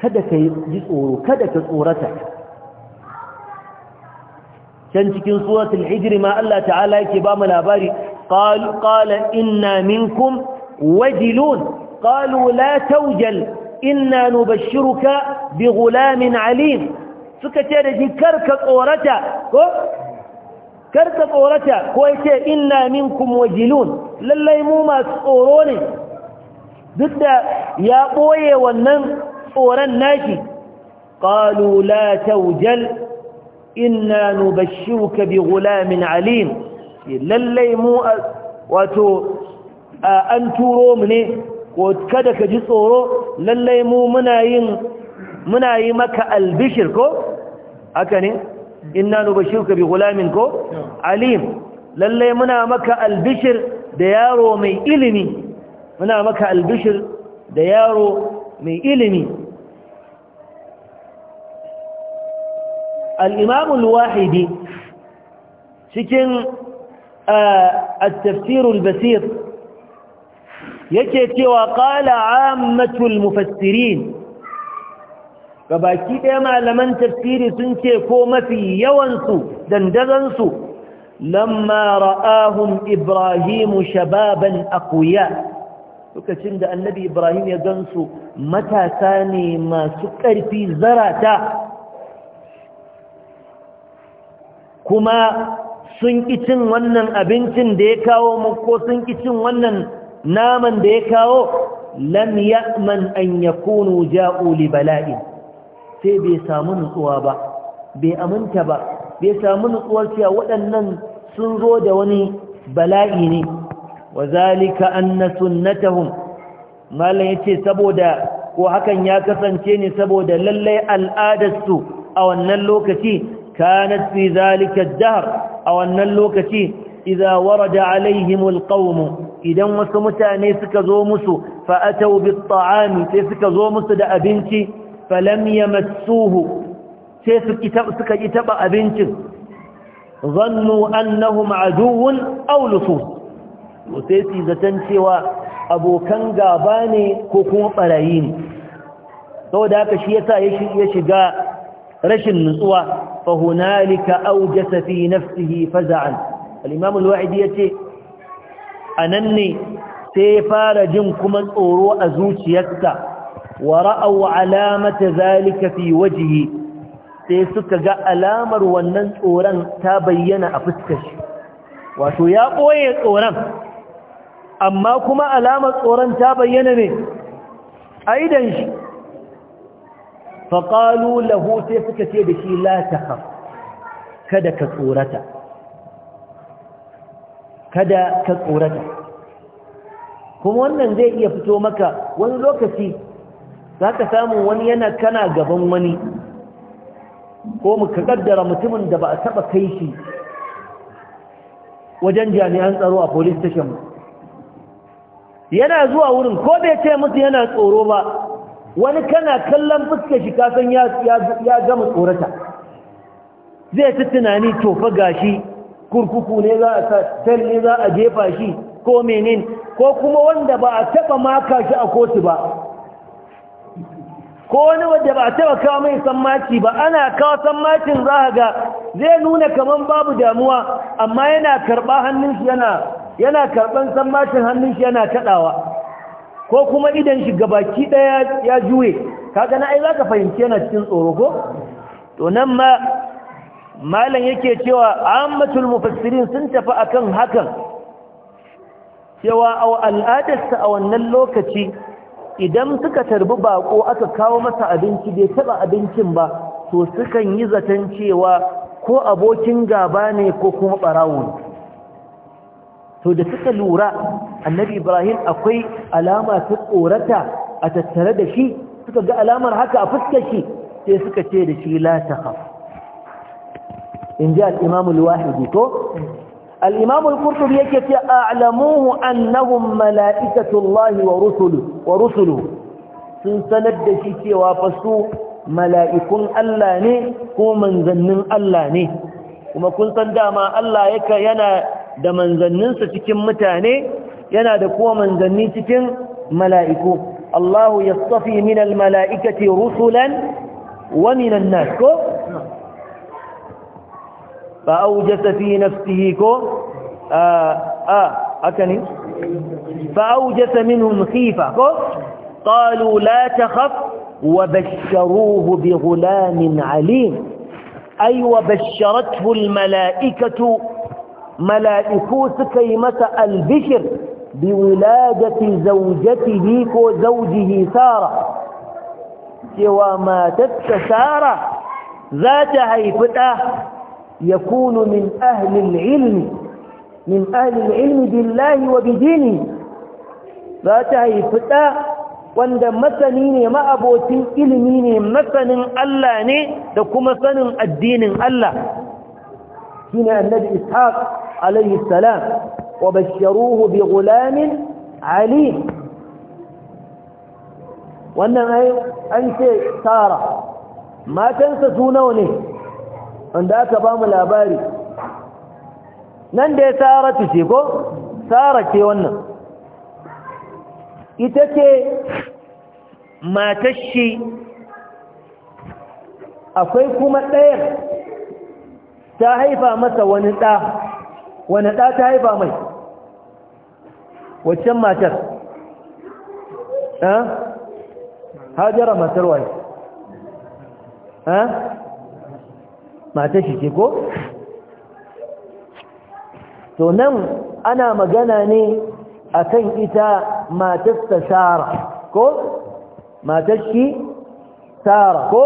kada ka yi tsoro kada ka tsorata can cikin suratul hijr ma Allah ta'ala yake ba mu labari qala qala inna minkum wajilun qalu la tawjal inna nubashshiruka bi ghulamin alim suka ce da shi ka tsorata ko karka tsorata ko yace inna minkum wajilun lallai mu ma tsoro ne duk da ya boye wannan tsoron nashi qalu la tawjal inna nubashshiruka bi ghulamin alim lallai mu wato an turo mu ne ko kada ka ji tsoro lallai mu muna yi maka albishir ko haka ne inna nubashiruka bi gulamin ko alim lallai muna maka albishir da yaro mai ilimi muna maka albishir da yaro mai ilimi al-imam al-wahidi cikin التفسير ah, basir. yake cewa qala ammatul mufassirin gabaki ɗaya malaman tafsiri sun ce ko mafi yawansu dandazansu lamma ra'ahum ibrahimu shababan akuya lokacin da annabi ibrahim ya gansu matasa ne masu ƙarfi zarata kuma sun ƙi cin wannan abincin da ya kawo mu ko sun ƙi cin wannan naman da ya kawo lam ya'man an yakunu ja'u li bala'in sai bai samu nutsuwa ba bai aminta ba bai samu nutsuwar cewa waɗannan sun zo da wani bala'i ne wa zalika anna sunnatahum malam yace saboda ko hakan ya kasance ne saboda lallai al'adarsu a wannan lokaci kanat fi zalika dahr a wannan lokaci إذا ورد عليهم القوم إذا وسمتاني سكزومس فأتوا بالطعام سكزومس دا أبنتي فلم يمسوه سكتب أبنتي ظنوا أنهم عدو أو لصوص وسيسي زتنشي وأبو كنغا باني كوكو طلعين سو داك شيسا يشقى رشن نسوة فهنالك أوجس في نفسه فزعا al-imam ya ce yace anan ne sai fara jin kuma tsoro a zuciyarsa wa ra'aw alamata zalika fi wajihi sai suka ga alamar wannan tsoron ta bayyana a fuskar shi wato ya ɓoye tsoron amma kuma alamar tsoron ta bayyana ne aidan shi faqalu lahu sai suka ce da shi la takhaf kada ka tsorata kada ka tsorata kuma wannan zai iya fito maka wani lokaci za ka samu wani yana kana gaban wani ko mu ka kaddara mutumin da ba a taba kai shi wajen jami'an tsaro a police station yana zuwa wurin ko bai ce musu yana tsoro ba wani kana kallon fuskar shi kasan ya gama tsorata zai ta tunani tofa gashi kurkuku ne za a sa ne za a jefa shi ko menin ko kuma wanda ba a taba maka shi a kotu ba ko wani wanda ba a taba kawo mai sammaci ba ana kawo sammacin za a ga zai nuna kamar babu damuwa amma yana karɓa hannun shi yana yana sammacin hannun shi yana kaɗawa ko kuma idan shi gabaki ɗaya ya juye kaga na ai za ka fahimci yana cikin tsoro ko to nan ma malam yake cewa ammatul mufassirin sun tafi akan hakan cewa a al'adarsa a wannan lokaci idan suka tarbi bako aka kawo masa abinci bai taba abincin ba to sukan yi zaton cewa ko abokin gaba ne ko kuma barawo to da suka lura annabi ibrahim akwai alama ta tsorata a tattare da shi suka ga alamar haka a fuskar shi sai suka ce da shi la in ji al'imamul wahidi to al'imamul kurtubi yake ce a'lamuhu annahum mala'ikatullahi wa rusulu sun sanar da shi cewa fa mala'ikun Allah ne ko manzannin Allah ne kuma kun san dama Allah yaka yana da manzanninsa cikin mutane yana da kuma manzanni cikin mala'iku Allahu ya min al-mala'ikati rusulan wa min nas ko فأوجس في نفسه كو آه آه أكني فأوجس منهم خيفة كو قالوا لا تخف وبشروه بغلام عليم أي وبشرته الملائكة ملائكو سكيمة البشر بولادة زوجته كو زوجه سارة سوى ما تتسارة ذات هيفتة يكون من أهل العلم من أهل العلم بالله وبدينه ذاته فتاة wanda masani ne ma'abocin ilimi ne masanin Allah ne da kuma sanin addinin Allah shine annabi ishaq alayhi salam wa basharuhu bi gulamin ali wannan ai an ce tara matansa su nawa ne wanda aka ba mu labari nan da ya saratu ce ko sara ce wannan ita ce matar shi akwai kuma ɗayar ta haifa masa wani ɗa wani ɗa ta haifa mai waccan matar Ha hajjara matar ha matar shi ce ko to nan ana magana ne akan ita matar ta sara ko matar shi sara ko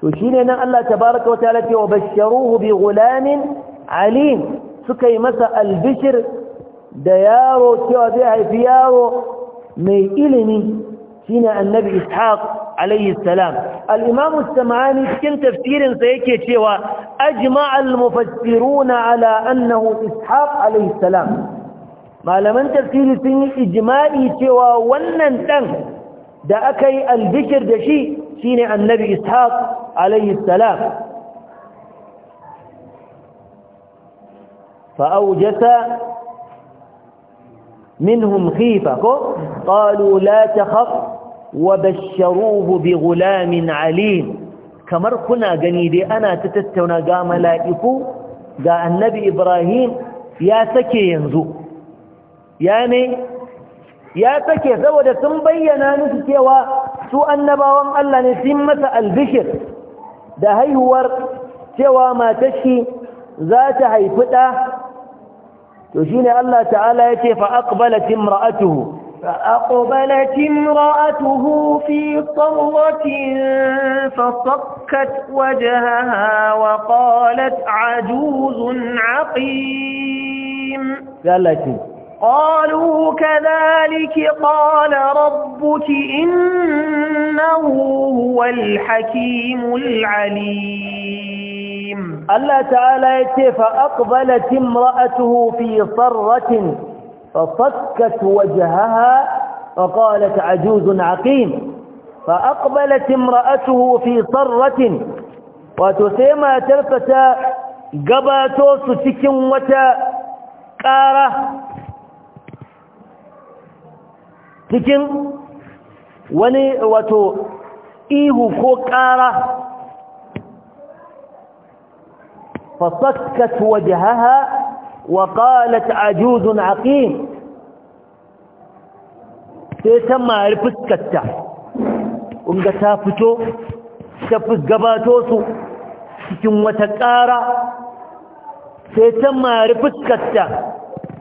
to ne nan Allah tabaaraka wataala ce wa basharuhu bi gulamin alim suka yi masa albishir da yaro cewa zai haifi yaro mai ilimi shine annabi ishaq عليه السلام الإمام السمعاني كان تفسير سيكي شوى أجمع المفسرون على أنه إسحاق عليه السلام ما لم تفسير سن إجمائي شوى ونن تن دا أكي البشر دا شيء شيني النبي إسحاق عليه السلام فأوجس منهم خيفة قالوا لا تخف وبشروه بغلام عليم kamar kuna gani dai ana ta tattauna ga mala'iku ga annabi ibrahim ya sake yanzu ya ne ya sake saboda sun bayyana musu cewa su annabawan Allah ne sun masa albishir da haihuwar cewa matashi za ta haifi ɗa to shi ne Allah ta'ala ya ce fa'aƙbalatin ra'atuhu فأقبلت امرأته في صرة فصكت وجهها وقالت عجوز عقيم ثلاثة قالوا كذلك قال ربك إنه هو الحكيم العليم الله تعالى يتفى أقبلت امرأته في صرة فصكت وجهها فقالت عجوز عقيم فأقبلت امرأته في صرة وتسيما تلفتا قباتو ستك وتا قارة تكن وني وتو إيه كو قارة فصكت وجهها وقالت عجوز عقيم سيتم عرفتك unga ta fito ta gabato su cikin wata ƙara sai ta mari fuskarta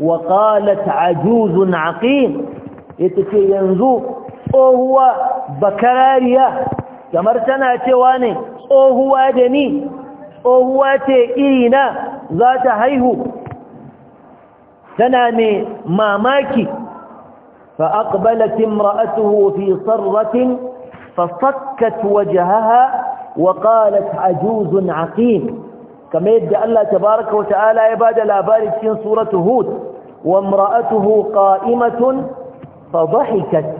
wa qalat ajuzun aqim ita ce yanzu tsohuwa bakarariya kamar tana cewa ne tsohuwa da ni tsohuwa ce irina za ta haihu tana mai mamaki فأقبلت امرأته في صرة ففكت وجهها وقالت عجوز عقيم كما يدعى الله تبارك وتعالى عباد الأبارك في سورة هود وامرأته قائمة فضحكت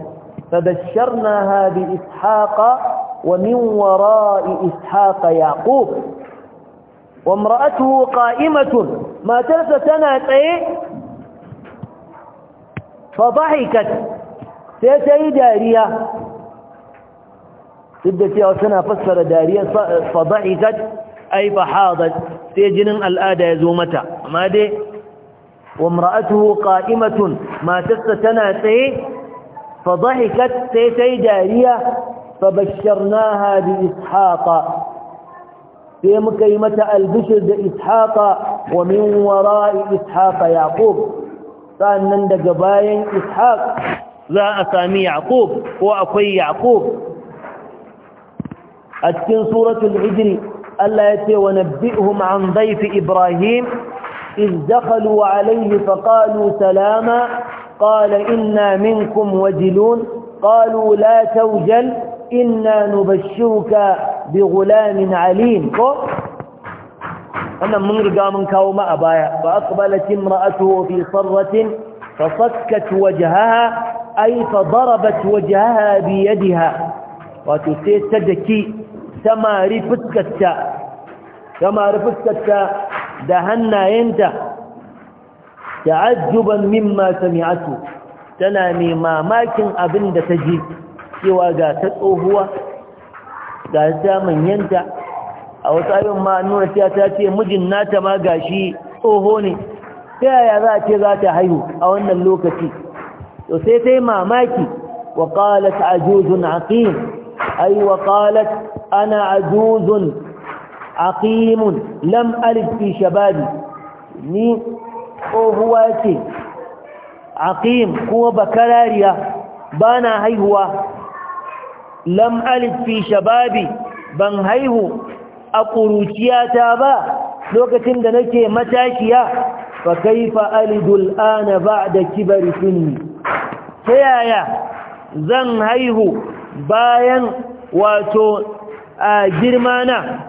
فبشرناها بإسحاق ومن وراء إسحاق يعقوب وامرأته قائمة ما تلفتنا تأيه fa dhahikat sai ta yi dariya duk da cewa suna fassara dariya fa ay fahadat sai jinin al'ada ya zo mata amma dai wa imra'atuhu qa'imatun matarsa tana tsaye fa dhahikat sai ta yi dariya fa basharnaha bi ishaqa sai muka yi mata albishir da ishaqa wa min wara'i ishaqa yaqub sannan daga bayan ishaq za a sami yaqub ko akwai yaqub a cikin suratul hijr Allah ya ce wa nabbihum an dayf ibrahim iz dakhalu alayhi fa qalu salama qala inna minkum wajilun qalu la tawjal inna nubashshuka bi ghulamin alim ko wannan mun riga mun kawo ma a baya fa aqbalat imra'atuhu fi sarratin fa sakkat wajhaha ay fa darabat wajhaha bi yadiha wato sai ta daki samari fuskarta samari fuskarta da hannayenta ta'ajjuban mimma sami'atu tana mai mamakin abin da ta ji cewa ga ta tsohuwa ga manyanta a wasu abin ma nuna cewa ta ce mijin nata ma gashi tsoho ne ta yaya za a ce za ta haihu a wannan lokaci to sai ta yi mamaki wa qalat ajuzun aqim ay wa qalat ana juzun aqim lam alif fi shababi ni tsohuwa ce aqim kuma bakarariya bana haihuwa lam alif fi shababi ban haihu a ƙuruciyata ba lokacin da nake matashiya fa kaifa alidul ana ba'da kibari sunni ta yaya zan haihu bayan wato a girmana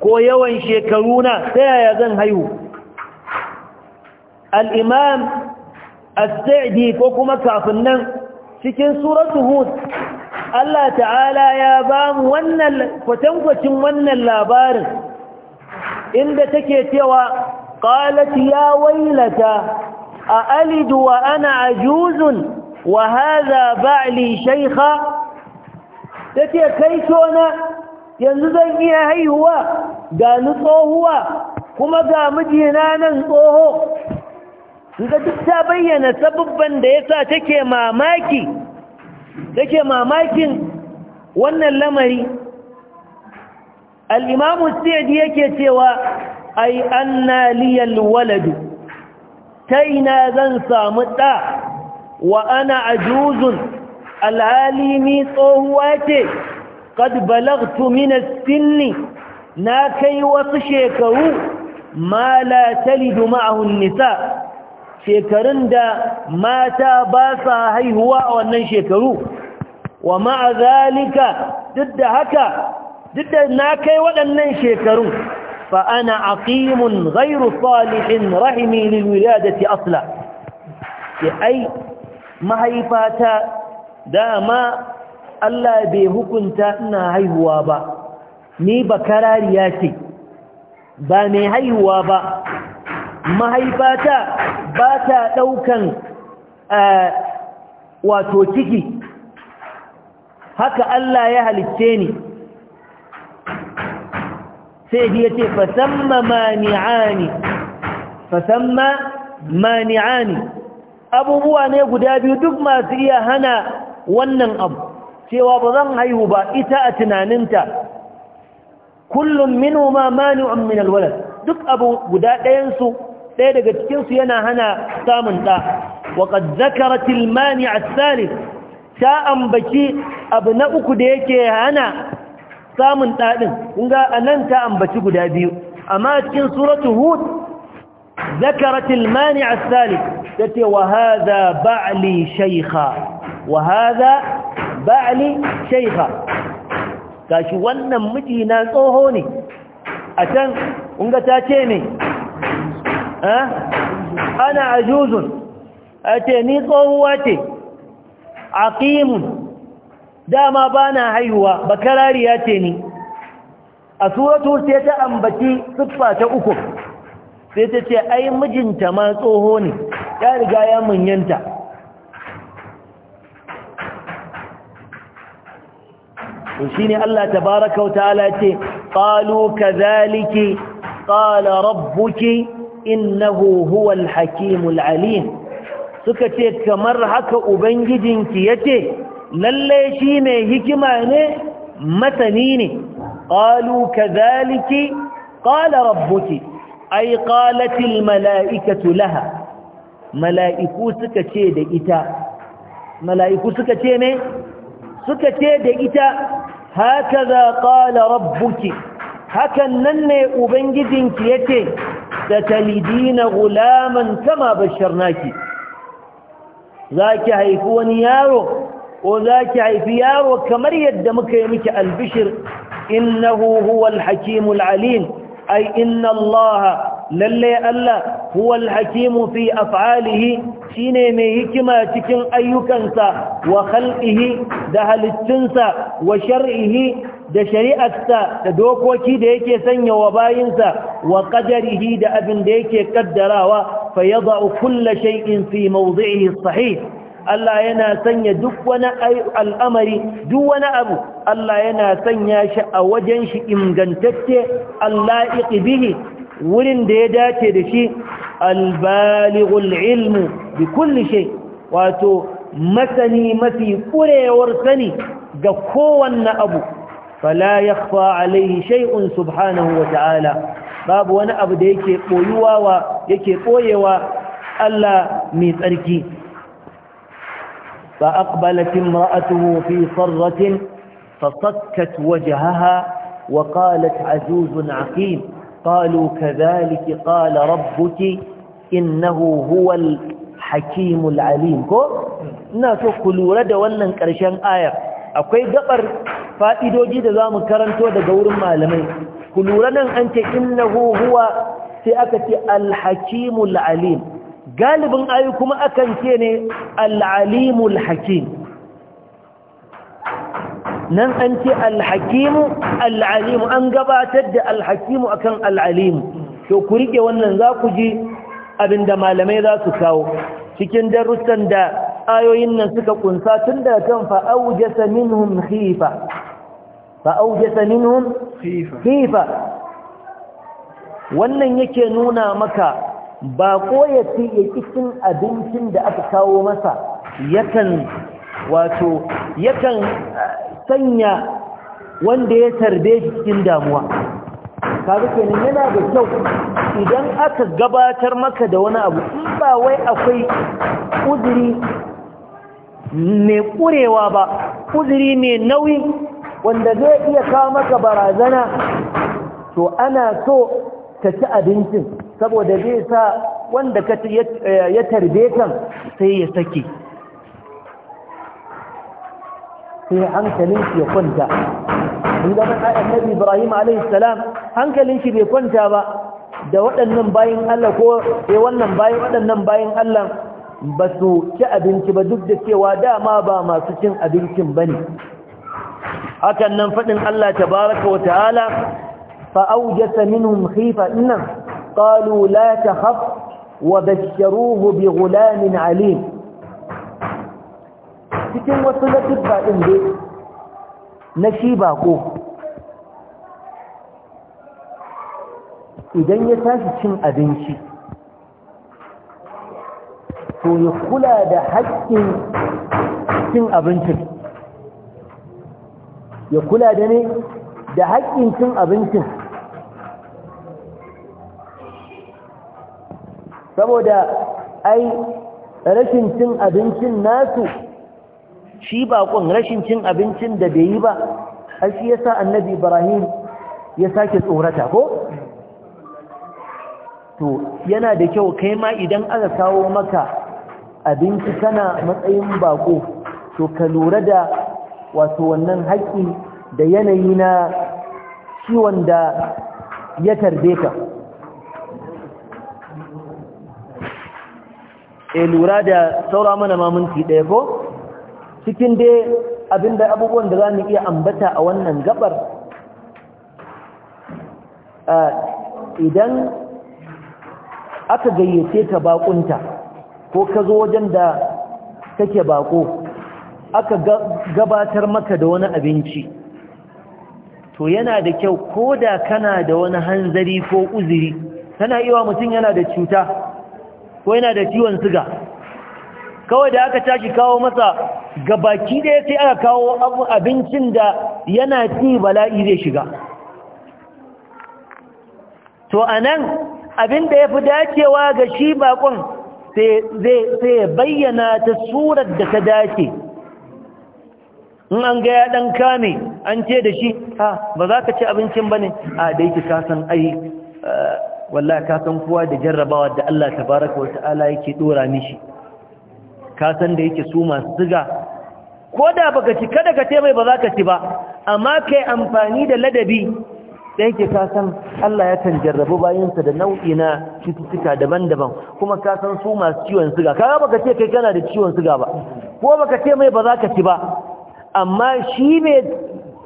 ko yawan shekaruna ta yaya zan haihu al'imam a sadi ko kuma kafin nan cikin suratu hud Allah ta'ala ya ba mu wannan kwatankwacin wannan labarin inda take cewa qalat ya wailata a alidu wa ana ajuzun wa hadha ba'li shaykha take kai tona yanzu zan iya haihuwa ga tsohuwa kuma ga mijina nan tsoho ga duk ta bayyana sababban da yasa take mamaki take mamakin wannan lamari al'imamu sa'adi yake cewa ai anna liyal waladu ta ina zan samu ɗa wa ana ajuzun alhalimi tsohuwa ce kad balagtu minas sinni na kai wasu shekaru ma la talidu ma'ahun nisa shekarun da mata ba sa haihuwa a wannan shekaru wa ma'a zalika duk da haka duk da na kai waɗannan shekaru Fa'ana ana aqimun ghairu salihin rahimi da wiladati asla ke ai mahaifata dama Allah bai hukunta ina haihuwa ba ni ba karariya ce ba mai haihuwa ba mahaifata ba ta ɗaukan wato ciki haka Allah ya halicce ni sai biya ce fasamma mani'ani fasamma mani'ani abubuwa ne guda biyu duk masu iya hana wannan abu cewa ba zan haihu ba ita a tunaninta kullum minuma mani'un min duk abu guda ɗayansu ɗaya daga cikinsu yana hana samun ɗa waƙad zakaratil mani a salif ta ambaci abu na uku da yake hana samun ɗaɗin kunga a nan ta ambaci guda biyu amma cikin suratu hud zakaratil mani a salif ta ce wa haza ba'ali shaikha ba'ali gashi wannan miji na tsoho ne a can kunga ta ce ne ana ajuzun a ce ni tsohuwa ce aqimun dama bana haihuwa bakarariya ce ni a suratu sai ta ambaci siffa ta uku sai ta ce ai mijinta ma tsoho ne ya riga ya munyanta shi ne Allah tabaaraka wa ta'ala ce qalu kadhaliki ƙala rabbuki innahu huwal hakimul alim suka ce kamar haka ubangijinki yace lalle shi mai hikima ne masani ne qalu kadhaliki qala rabbuki ay qalatil malaikatu laha mala'iku suka ce da ita mala'iku suka ce ne suka ce da ita hakaza qala rabbuki hakan nan ne ubangijinki yace tatalidina gulaman kama basharnaki zaki haifi wani yaro ko zaki haifi yaro kamar yadda muka yi miki albishir innahu huwal hakimul alim ay inna allaha lalle Allah huwal al-hakimu fi af'alihi shine mai hikima cikin ayyukansa wa khalqihi da halittunsa wa shar'ihi da shari'arsa da dokoki da yake sanya wa bayinsa wa qadarihi da abin da yake kaddarawa fa yada'u kulla shay'in fi mawdi'ihi sahih Allah yana sanya duk wani al'amari duk wani abu Allah yana sanya shi a wajen shi ingantacce alla'iqi bihi wurin da ya dace da shi albalighul ilmu bi kulli shay wato masani mafi kurewar sani ga kowanne abu fala yakhfa alaihi shay'un subhanahu wa ta'ala babu wani abu da yake koyuwa wa yake koyewa Allah mai tsarki fa aqbalat imra'atuhu fi sarratin fasakkat wajhaha wa qalat ajuzun aqim qalu kadhalika qala rabbuki innahu huwal hakimul alim ko ina so ku lura da wannan karshen ayar akwai gabar fa'idoji da za mu karanto daga wurin malamai ku lura nan an ce innahu huwa sai aka ce alhakimul alim galibin ayu kuma akan ce ne alalimul hakim nan an ce alhakimu alalimu an gabatar da alhakimu akan alalimu to ku rike wannan za ku ji abinda malamai za su kawo cikin darussan da ayoyin nan suka kunsa tun da kan fa'aujasa minhum khifa fa'aujasa minhum khifa wannan yake nuna maka ba koya ya cikin abincin da aka kawo masa yakan wato yakan eh, sanya wanda ya tarbe cikin damuwa kaga kenan yana da kyau idan aka gabatar maka da wani abu in ba wai akwai uzuri mai kurewa ba kuzuri mai nauyi wanda zai iya kawo maka barazana to ana so ka ci abincin saboda zai sa wanda ka ya tarbe kan sai ya sake sai hankalin shi ya kwanta in gaban annabi ibrahim hankalin shi bai kwanta ba da waɗannan bayan allah ko sai eh, wannan bayan waɗannan bayan allah ba su ci abinci ba duk da cewa dama ba masu cin abincin ba ne hakan nan faɗin Allah tabaraka wa ta'ala fa'aujata minhum khifa innan Ƙalu la takhaf wa basharuhu bi ghulamin alim cikin wasu latifba ɗin dai na shi baƙo. idan ya tashi cin abinci to ya kula da haƙƙin cin abincin ya kula da ne da haƙƙin cin abincin saboda ai rashin cin abincin nasu shi baƙon rashin cin abincin da bai yi ba a shi yasa annabi ibrahim ya sake tsorata ko to yana da kyau kai ma idan aka kawo maka abinci kana matsayin bako to ka lura da wato wannan haƙƙi da yanayi na ciwon da ya tarbe ka e lura da saura mana mamunci ɗaya ko cikin dai abinda abubuwan da za mu iya ambata a wannan gabar idan aka gayyace ka bakunta ko ka zo wajen da kake bako aka gabatar maka da wani abinci to yana da kyau ko da kana da wani hanzari ko uzuri tana iya mutum yana da cuta ko yana da ciwon siga kawai da aka tashi kawo masa gabaki ɗaya sai aka kawo abincin da yana ci bala'i zai shiga to anan abin da ya fi dacewa ga shi bakon sai bayyana ta surar da ta dace in an ga ya ɗan kame an ce da shi ha ba za ka ci abincin bane ne a da yake kasan ai wallah kasan kuwa da jarrabawa da Allah tabaraka wa ta'ala yake ɗora mishi kasan da yake su masu siga ko da baka ci kada ka ce mai ba za ka ci ba amma kai amfani da ladabi da yake ka Allah ya kan jarrabu bayansa da nau'i na cututtuka daban-daban kuma ka san su masu ciwon siga kaga baka ce kai kana da ciwon siga ba ko baka ce mai ba za ka ci ba amma shi mai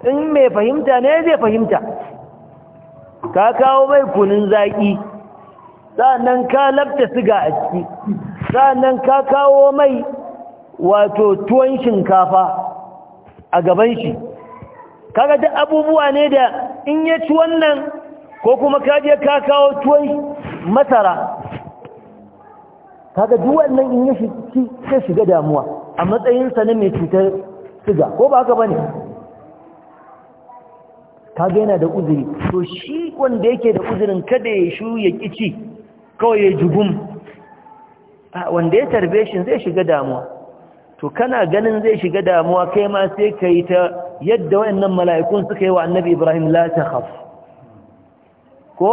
in mai fahimta ne zai fahimta ka kawo mai kunun zaki sannan ka labta siga a ciki sannan ka kawo mai wato tuwon shinkafa a gaban shi kaga duk abubuwa ne da in ya ci wannan ko kuma kaje ka kawo tuwon masara kaga duk wannan in ya shi shiga damuwa a matsayinsa na mai cutar siga ko ba haka bane kaga yana da uzuri to shi wanda yake da uzurin kada ya shu ya kici kawai ya jugum wanda ya tarbe shi zai shiga damuwa to kana ganin zai shiga damuwa kai ma sai ka yi ta yadda wayannan mala'ikun suka yi wa annabi Ibrahim la takhaf ko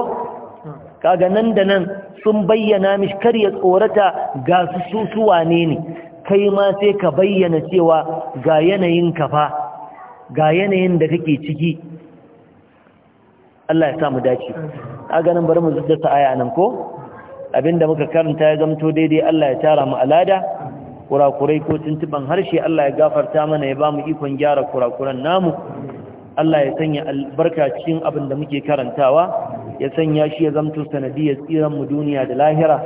kaga nan da nan sun bayyana mishi kar ya tsorata ga su su wane ne kai ma sai ka bayyana cewa ga yanayin ka ga yanayin da kake ciki Allah ya sa mu dace kaga nan bari mu zuddata aya nan ko abinda muka karanta ya zamto daidai Allah ya tara mu alada kurakurai ko tuntuban harshe Allah ya gafarta mana ya bamu ikon gyara kurakuran namu Allah ya sanya albarka cikin abin da muke karantawa ya sanya shi ya zamto sanadiyar tsiran mu duniya da lahira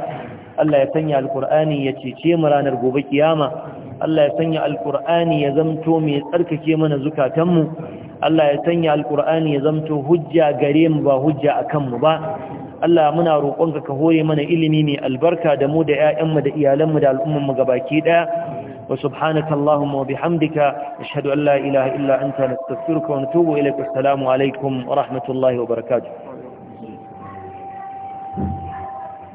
Allah ya sanya alkur'ani ya cece mu ranar gobe kiyama Allah ya sanya alkur'ani ya zamto mai tsarkake mana mu Allah ya sanya alkur'ani ya zamto hujja gare mu ba hujja akan mu ba Allah muna roƙonka ka hore mana ilimi mai albarka da mu da ƴaƴanmu da iyalanmu da al'ummanmu gabaki ɗaya wa subhanaka allahumma wa bihamdika ashhadu an la ilaha illa anta nastaghfiruka wa natubu ilaik assalamu alaikum wa rahmatullahi wa barakatuh